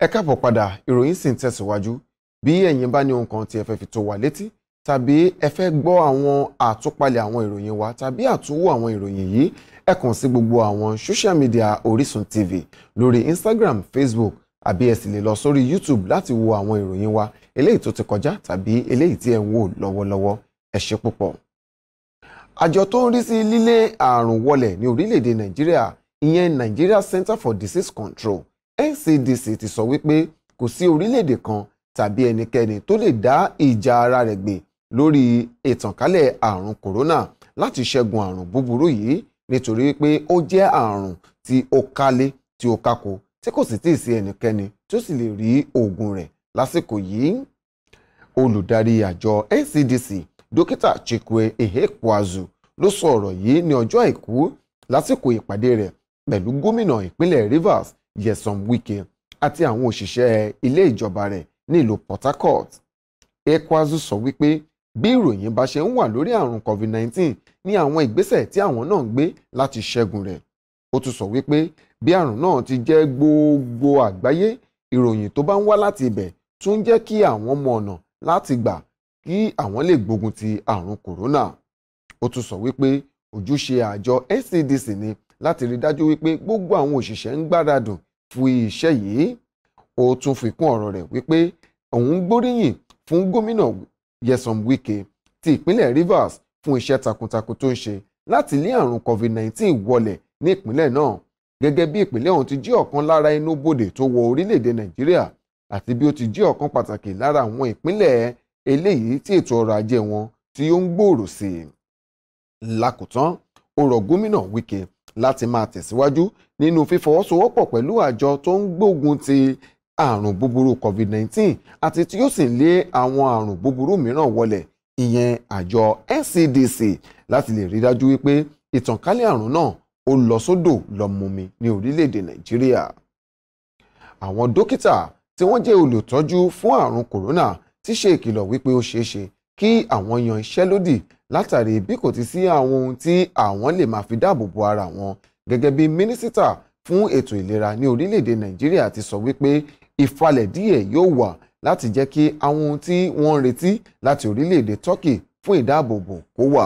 Eka káàbọ̀ padà ìròyìn sì ń tẹ̀síwájú bí ẹ̀yin bá ní ohun kan tí ẹ fẹ́ fi tó wa létí tàbí ẹ fẹ́ gbọ́ àwọn àtúpalẹ̀ àwọn wa tàbí àtúnwò àwọn ìròyìn yìí ẹ kàn gbogbo àwọn social media Orísun TV lórí Instagram Facebook abi ẹ sì lè lọ YouTube láti wo àwọn ìròyìn wa eléyìí tó ti kọjá tàbí eléyìí tí ẹ ń wò lọ́wọ́lọ́wọ́ ẹ ṣe púpọ̀. àjọ tó ń rí sí lílé àrùn wọlẹ̀ ní orílẹ̀ Nigeria Center for Disease Control NCDC ti sọ wípé kò sí orílẹ̀-èdè kan tàbí ẹnikẹ́ni tó lè dá ìjà ara rẹ̀ gbè lórí ìtànkálẹ̀ àrùn kòrónà láti ṣẹ́gun àrùn búburú yìí nítorí pé ó jẹ́ àrùn tí ó kálé tí ó kákò tí kò sì tíì sí ẹnikẹ́ni tí ó sì lè rí oògùn rẹ̀ lásìkò yìí olùdarí àjọ NCDC dókítà Chikwe Ehekwazu ló sọ ọ̀rọ̀ yìí ní ọjọ́ àìkú lásìkò ìpàdé rẹ̀ pẹ̀lú gómìnà ìpínlẹ̀ Rivers Nyesom Wike àti àwọn òṣìṣẹ́ ilé ìjọba rẹ̀ ní ìlú Port Harcourt. Ekwazu sọ wípé bí ìròyìn bá ṣe ń wà lórí àrùn COVID-19 ní àwọn ìgbésẹ̀ tí àwọn náà ń gbé láti ṣẹ́gun rẹ̀. Ó tún sọ wípé bí àrùn náà ti jẹ́ gbogbo àgbáyé ìròyìn tó bá ń wá láti ibẹ̀ tún ń jẹ́ kí àwọn mọ ọ̀nà láti gbà kí àwọn lè gbógun ti àrùn kòrónà. Ó tún sọ wípé ojúṣe àjọ NCDC ni láti rí dájú wípé gbogbo àwọn òṣìṣẹ́ ń gbáradùn fún iṣẹ́ yìí ó tún fi kún ọ̀rọ̀ rẹ̀ wípé òun gbóríyìn fún gómìnà Nyesom Wike ti ìpínlẹ̀ Rivers fún iṣẹ́ takuntakun tó ń ṣe láti lé àrùn COVID-19 wọlẹ̀ ní ìpínlẹ̀ náà gẹ́gẹ́ bí ìpínlẹ̀ ọ̀hún ti jẹ́ ọ̀kan lára inú bodè tó wọ orílẹ̀-èdè Nàìjíríà àti bí ó ti jẹ́ ọ̀kan pàtàkì lára àwọn ìpínlẹ̀ eléyìí tí ètò ọrọ̀ ajé wọn tí ó ń gbòòrò sí i. lákòótán ó rọ gómìnà Wike láti máa tẹ̀síwájú nínú fífọwọ́sowọ́pọ̀ pẹ̀lú àjọ tó ń gbógun ti àrùn búburú covid-19 àti tí ó sì ń lé àwọn àrùn búburú mìíràn wọlẹ̀ ìyẹn àjọ NCDC láti lè rí dájú wípé ìtànkálẹ̀ àrùn náà ó lọ sódò lọ mumi ní orílẹ̀-èdè Nàìjíríà àwọn dókítà tí wọ́n jẹ́ olùtọ́jú fún àrùn kòrónà ti ṣe ìkìlọ̀ wípé ó ṣeé ṣe kí àwọn yan iṣẹ́ lódì látàrí bí kò ti sí àwọn ohun tí àwọn lè máa fi dáàbò bo ara wọn gẹ́gẹ́ bí mínísítà fún ètò ìlera ní orílẹ̀-èdè nàìjíríà ti sọ wípé ìfalẹ̀ díẹ̀ yóò wà láti jẹ́ kí àwọn ohun tí wọ́n ń retí láti orílẹ̀-èdè turkey fún ìdáàbòbò kó wà.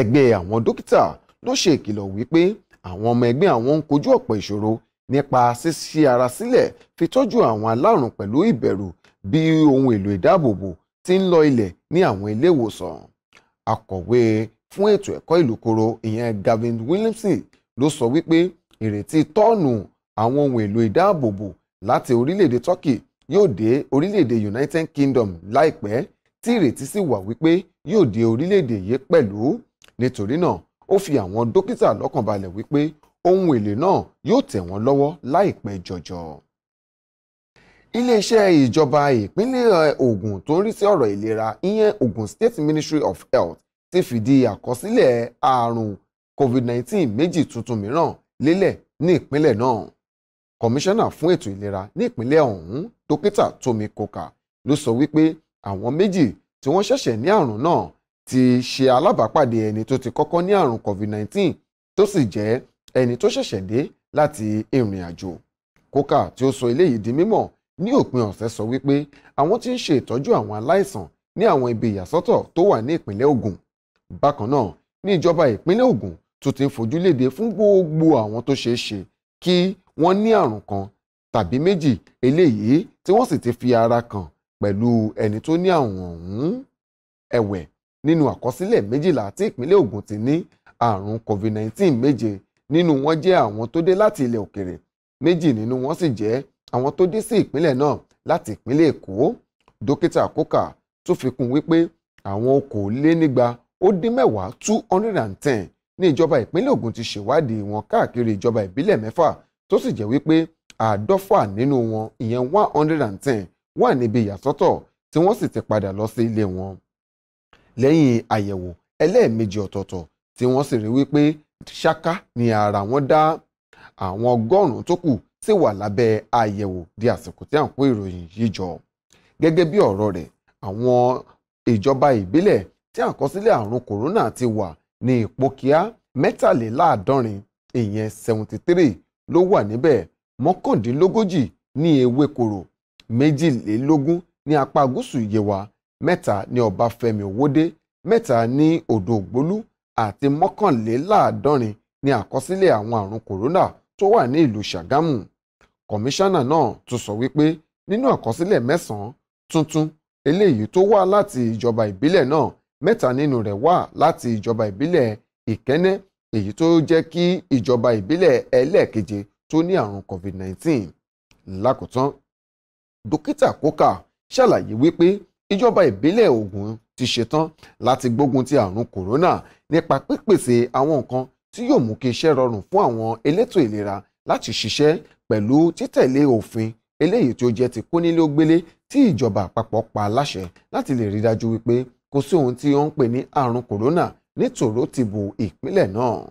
ẹgbẹ́ àwọn dókítà ló ṣe ìkìlọ̀ wípé àwọn ọmọ ẹgbẹ́ àwọn ń kojú ọ̀pọ̀ ìṣòro nípa ṣíṣí ara sílẹ̀ fi tọ́jú àwọn alárùn pẹ̀lú ìbẹ̀rù bí ohun èlò ìdáàbòbò ti ń lọ ilẹ̀ ní àwọn ilé ìwòsàn. akọ̀wé fún ètò ẹ̀kọ́ ìlúkoro ìyẹn Gavin Williamson ló sọ wípé ìrètí tọ́ọ̀nù àwọn ohun èlò ìdáàbòbò láti orílẹ̀-èdè Turkey yóò dé orílẹ̀-èdè United Kingdom láìpẹ́ tí ìrètí sì wà wípé yóò dé orílẹ̀-èdè yìí pẹ̀lú nítorí náà ó fi àwọn dókítà lọ́kàn balẹ̀ wípé ohun èlò náà yóò tẹ̀ wọ́n lọ́wọ́ láìpẹ́ jọjọ. Iléeṣẹ́ ìjọba ìpínlẹ̀ Ògùn tó ń rí sí ọ̀rọ̀ ìlera ìyẹn Ògùn State Ministry of Health ti fìdí àkọsílẹ̀ ààrùn covid-19 méjì tuntun mìíràn lélẹ̀ ní ìpínlẹ̀ náà kọmíṣánná fún ètò ìlera ní ìpínlẹ̀ ọ̀hún dókítà Tomi Koka ló sọ wípé àwọn méjì tí wọ́n ṣẹ̀ṣẹ̀ ní ààrùn náà ti ṣe alábàápàdé ẹni tó ti kọ́kọ́ ní ààrùn covid-19 tó sì jẹ́ ẹni tó ṣẹ̀ṣẹ̀ dé láti ìrìn àjò Koka tí ó sọ eléyìí di mímọ̀ ní òpin ọ̀sẹ̀ sọ wípé àwọn tí ń ṣe ìtọ́jú àwọn aláìsàn ní àwọn ibi ìyàsọ́tọ̀ tó wà ní ìpínlẹ̀ Ògùn bákan náà ní ìjọba ìpínlẹ̀ Ògùn tó ti ń fojú léde fún gbogbo àwọn tó ṣeé ṣe kí wọ́n ní àrùn kan tàbí méjì eléyìí tí wọ́n sì ti fi ara kàn pẹ̀lú ẹni tó ní àrùn ọ̀hún ẹ̀wẹ̀ nínú àkọsílẹ̀ méjìlá tí ìpínlẹ̀ Ògùn ti ní àrùn COVID-19 méje nínú wọn jẹ́ àwọn tó dé láti ilẹ̀ òkèrè méjì nínú wọn sì jẹ́ àwọn tó dé sí ìpínlẹ̀ náà láti ìpínlẹ̀ Èkó dókítà Kókà tó fi kún wípé àwọn okòólénígba ó dín mẹ́wàá two hundred and ten ní ìjọba ìpínlẹ̀ Ògùn ti ṣèwádìí wọn káàkiri ìjọba ìbílẹ̀ mẹ́fà tó sì jẹ́ wípé àádọ́fà nínú wọn ìyẹn one hundred and ten wà níbi ìyàsọ́tọ̀ tí wọ́n sì ti padà lọ sí ilé wọn. lẹ́yìn àyẹ̀wò ẹlẹ́ẹ̀mejì ọ̀tọ̀ọ̀tọ̀ tí wọ́n sì rí wípé ṣáká ni ara wọn dá àwọn ọgọ́rùn-ún tó kù sì wà lábẹ́ àyẹ̀wò di àsìkò tí à ń kó ìròyìn yìí jọ. gẹ́gẹ́ bí ọ̀rọ̀ rẹ̀ àwọn ìjọba ìbílẹ̀ tí àkọsílẹ̀ àrùn kòrónà ti wà ní ipò kíá mẹ́tàléláàádọ́rin ìyẹn seventy three ló wà níbẹ̀ mọ́kàndínlógójì ní ewékorò méjìlélógún ní apá gúúsù yewa mẹ́ta ní ọbáfẹ́mi owódé mẹ́ta ní odò ògbólú àti mọ́kànléláàádọ́rin ní àkọsílẹ̀ àwọn àrùn kòrónà tó wà ní ìlú ṣàgámù kọmíṣánná náà tún sọ wípé nínú àkọsílẹ̀ mẹ́sàn-án tuntun eléyìí tó wá láti ìjọba ìbílẹ̀ náà mẹ́ta nínú rẹ̀ wá láti ìjọba ìbílẹ̀ ìkẹ́nẹ́ èyí tó jẹ́ kí ìjọba ìbílẹ̀ ẹlẹ́ẹ̀keje tó ní àrùn covid-19 lákòótán dókítà kókà ṣàlàyé wípé ìjọba ìbílẹ̀ Ògùn ti ṣetán láti gbógun ti àrùn kòrónà nípa pípèsè àwọn nǹkan tí yóò mú kí iṣẹ́ rọrùn fún àwọn elétò ìlera láti ṣiṣẹ́ pẹ̀lú títẹ̀lé òfin eléyìí tí jẹ́ ti kónílé ó tí ìjọba àpapọ̀ pa láṣẹ láti lè rí dájú wípé kò sí ohun tí ó ń pè ní àrùn kòrónà nítorò ti bo ìpínlẹ̀ náà.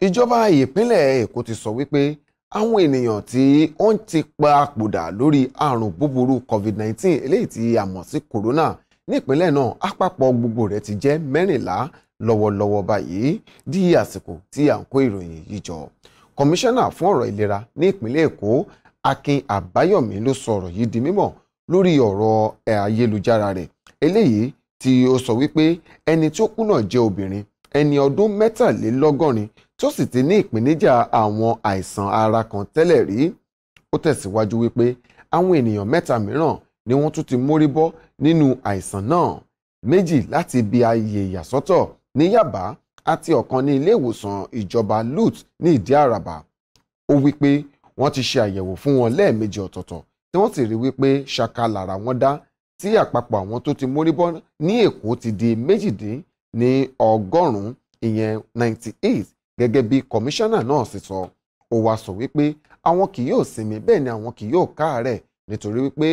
ìjọba ìpínlẹ̀ èkó ti sọ wípé àwọn ènìyàn tí ó ń ti pa àpòdà lórí àrùn búburú covid-19 eléyìí tí a mọ̀ sí kòrónà nípínlẹ̀ náà àpapọ̀ gbogbo rẹ̀ ti jẹ́ mẹ́rìnlá lọ́wọ́lọ́wọ́ báyìí di àsìkò tí à ń kó ìròyìn yìí jọ kọmíṣánná fún ọ̀rọ̀ ìlera ní ìpínlẹ̀ èkó akin àbáyọ̀mí ló sọ ọ̀rọ̀ yìí di mímọ̀ lórí ọ̀rọ̀ ayélujára rẹ̀ eléyìí tí ó sọ wípé ẹni tí ó kú náà jẹ́ obìnrin ẹni ọdún mẹ́tàlélọ́gọ́rin tó sì ti ní ìpèníjà àwọn àìsàn ara kan tẹ́lẹ̀ rí ó tẹ̀síwájú wípé àwọn ènìyàn mẹ́ta mìíràn ni wọ́n tún ti mórí bọ́ nínú àìsàn náà méjì láti ibi ààyè ìyàsọ́tọ̀ ní Yaba àti ọ̀kan ní ilé ìwòsàn ìjọba LUTH ní Ìdí Àràbà ó wípé wọ́n ti ṣe àyẹ̀wò fún wọn lẹ́ẹ̀mejì ọ̀tọ̀ọ̀tọ̀ tí wọ́n sì rí wípé ṣaka lára wọn dá tí àpapọ̀ àwọn tó ti mórí bọ́ ní èkó ti di méjìdín ní ọgọ́rùn-ún ìyẹn ninety eight gẹ́gẹ́ bí kọmíṣánná náà sì sọ ó wá sọ wípé àwọn kì yóò sinmi bẹ́ẹ̀ ni àwọn kì yóò káàárẹ̀ nítorí wípé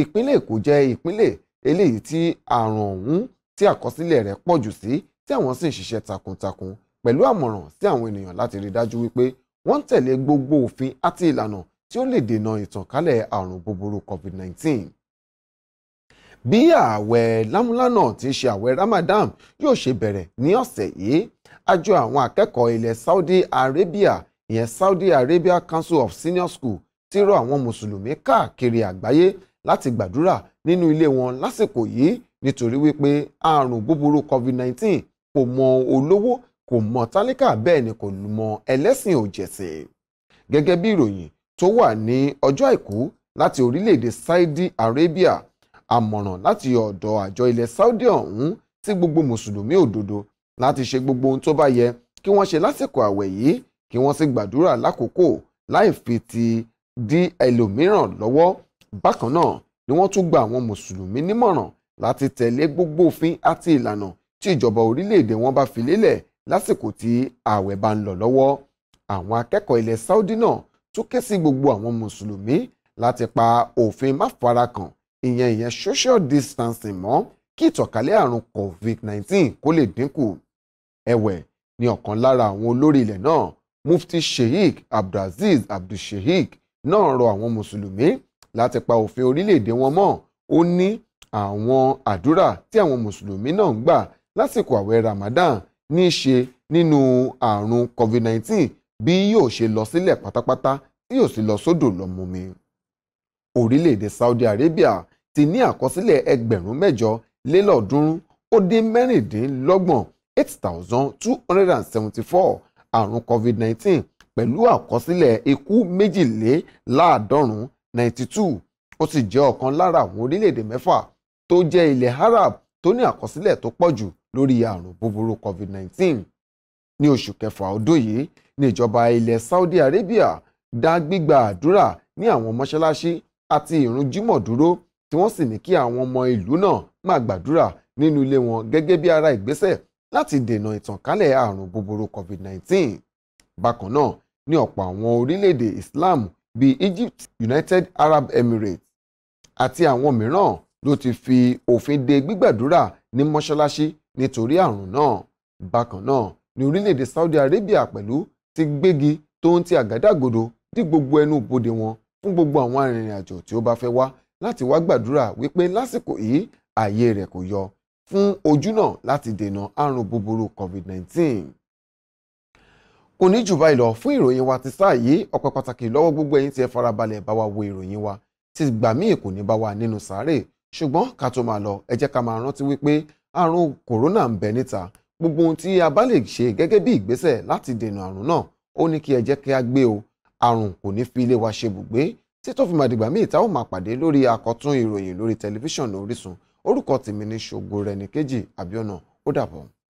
ìpínlẹ̀ èkó jẹ́ ìpínlẹ̀ eléyìí tí àrùn ọ̀hún tí àkọsílẹ̀ rẹ̀ pọ̀ jù sí tí àwọn sì ń ṣiṣẹ́ takuntakun pẹ̀lú àmọ̀ràn sí àwọn ènìyàn láti rí dájú wípé wọ́n ń tẹ̀lé gbogbo òfin àti ìlànà tí ó lè dènà ìtànkálẹ̀ àrùn búburú covid nineteen bí ààwẹ̀ lámúlánà tí í ṣe ààwẹ̀ Ramadan yóò ṣe bẹ̀rẹ̀ ní ọ̀sẹ̀ yìí àjọ àwọn akẹ́kọ̀ọ́ ilẹ̀ Saudi Arabia ìyẹn Saudi Arabia Council of Senior School ti rọ àwọn mùsùlùmí káàkiri àgbáyé láti gbàdúrà nínú ilé wọn lásìkò yìí nítorí wípé àrùn búburú COVID-19 kò mọ olówó kò mọ tálíkà bẹ́ẹ̀ ni kò mọ ẹlẹ́sìn òjẹ̀sìn gẹ́gẹ́ bí ìròyìn tó wà ní ọjọ́ àìkú láti orílẹ̀-èdè Saudi Arabia àmọ̀ràn láti ọ̀dọ̀ àjọ ilẹ̀ Saudi ọ̀hún sí gbogbo mùsùlùmí òdodo láti ṣe gbogbo ohun tó bá yẹ kí wọ́n ṣe lásìkò àwẹ̀ yìí kí wọ́n sì gbàdúrà lákòókò láì fi ti di ẹlòmíràn lọ́wọ́ bákan náà ni wọ́n tún gba àwọn mùsùlùmí nímọ̀ràn láti tẹ̀lé gbogbo òfin àti ìlànà tí ìjọba orílẹ̀-èdè wọn bá fi lélẹ̀ lásìkò tí ààwẹ̀ bá ń lọ lọ́wọ́ àwọn akẹ́kọ̀ọ́ ilẹ̀ Saudi náà tún ké sí gbogbo àwọn mùsùlùmí láti pa òfin máfarakàn ìyẹn ìyẹn social distancing mọ́ kí ìtànkálẹ̀ àrùn covid-19 kó lè dínkù ẹ̀wẹ̀ ni ọ̀kan lára àwọn olórí ilẹ̀ náà mufti sheikh abdulaziz abdulsheikh náà rọ àwọn mùsùlùmí láti pa òfin orílẹ̀-èdè wọn mọ́ ó ní àwọn àdúrà tí àwọn mùsùlùmí náà ń gbà lásìkò àwẹ̀ ramadan ní í ṣe nínú àrùn covid-19 bí yóò ṣe lọ sílẹ̀ pátápátá tí yóò sì lọ sódò lọ mumi orílẹ̀-èdè Saudi Arabia ti ní àkọsílẹ̀ ẹgbẹ̀rún mẹ́jọ lélọ́ọ̀ọ́dúnrún ó dín mẹ́rìndínlọ́gbọ̀n eight thousand two hundred and seventy-four àrùn covid-19 pẹ̀lú àkọsílẹ̀ ikú méjìléláàádọ́rùn-ún ninety-two ó sì jẹ́ ọ̀kan lára àwọn orílẹ̀-èdè mẹ́fà tó jẹ́ ilẹ̀ Arab tó ní àkọsílẹ̀ tó pọ̀ jù lórí àrùn búburú covid-19 ní oṣù kẹfà ọdún yìí ní ìjọba ilẹ̀ Saudi Arabia dá gbígba àdúrà ní àwọn mọ́ṣáláṣí àti ìrun jímọ̀ dúró tí wọ́n sì ní kí àwọn ọmọ ìlú náà máa gbàdúrà nínú ilé wọn gẹ́gẹ́ bí ara ìgbésẹ̀ láti dènà ìtànkálẹ̀ àrùn búburú COVID-19. Bákan náà ní ọ̀pọ̀ àwọn orílẹ̀-èdè Islam bíi Egypt, United Arab Emirates àti àwọn mìíràn ló ti fi òfin de gbígbàdúrà ní mọ́ṣáláṣí nítorí àrùn náà. Bákan náà ní orílẹ̀-èdè Saudi Arabia pẹ̀lú ti gbégi tó ń ti àgádágodo dí gbogbo ẹnu bodè wọn fún gbogbo àwọn arìnrìn àjò tí ó bá fẹ́ wá láti wá gbàdúrà wípé lásìkò yìí ààyè rẹ̀ kò yọ fún ojú náà láti dènà àrùn búburú COVID-19. kò ní jù báyìí lọ fún ìròyìn wa ti sáà yìí ọpẹ́ pàtàkì lọ́wọ́ gbogbo ẹ̀yin tí ẹ farabalẹ̀ bá wa wo ìròyìn wa ti gbà míì kò ní bá wa nínú sàárè ṣùgbọ́n ká tó máa lọ ẹ jẹ́ ká máa rántí wípé àrùn kòrónà ń bẹ níta gbogbo ohun tí a bá lè ṣe gẹ́gẹ́ bí ìgbésẹ̀ láti dènà àrùn náà ó ní kí ẹ jẹ́ kí a gbé o àrùn kò ní fi ilé wa ṣe bùgbé tí tó fi máa dìgbà míì tá ó máa pàdé lórí àkọ́tún ìròyìn lórí tẹlifíṣàn Orísun orúkọ tèmi ní ṣògo rẹ̀ ní kejì àbíọ́nà ó dàbọ̀.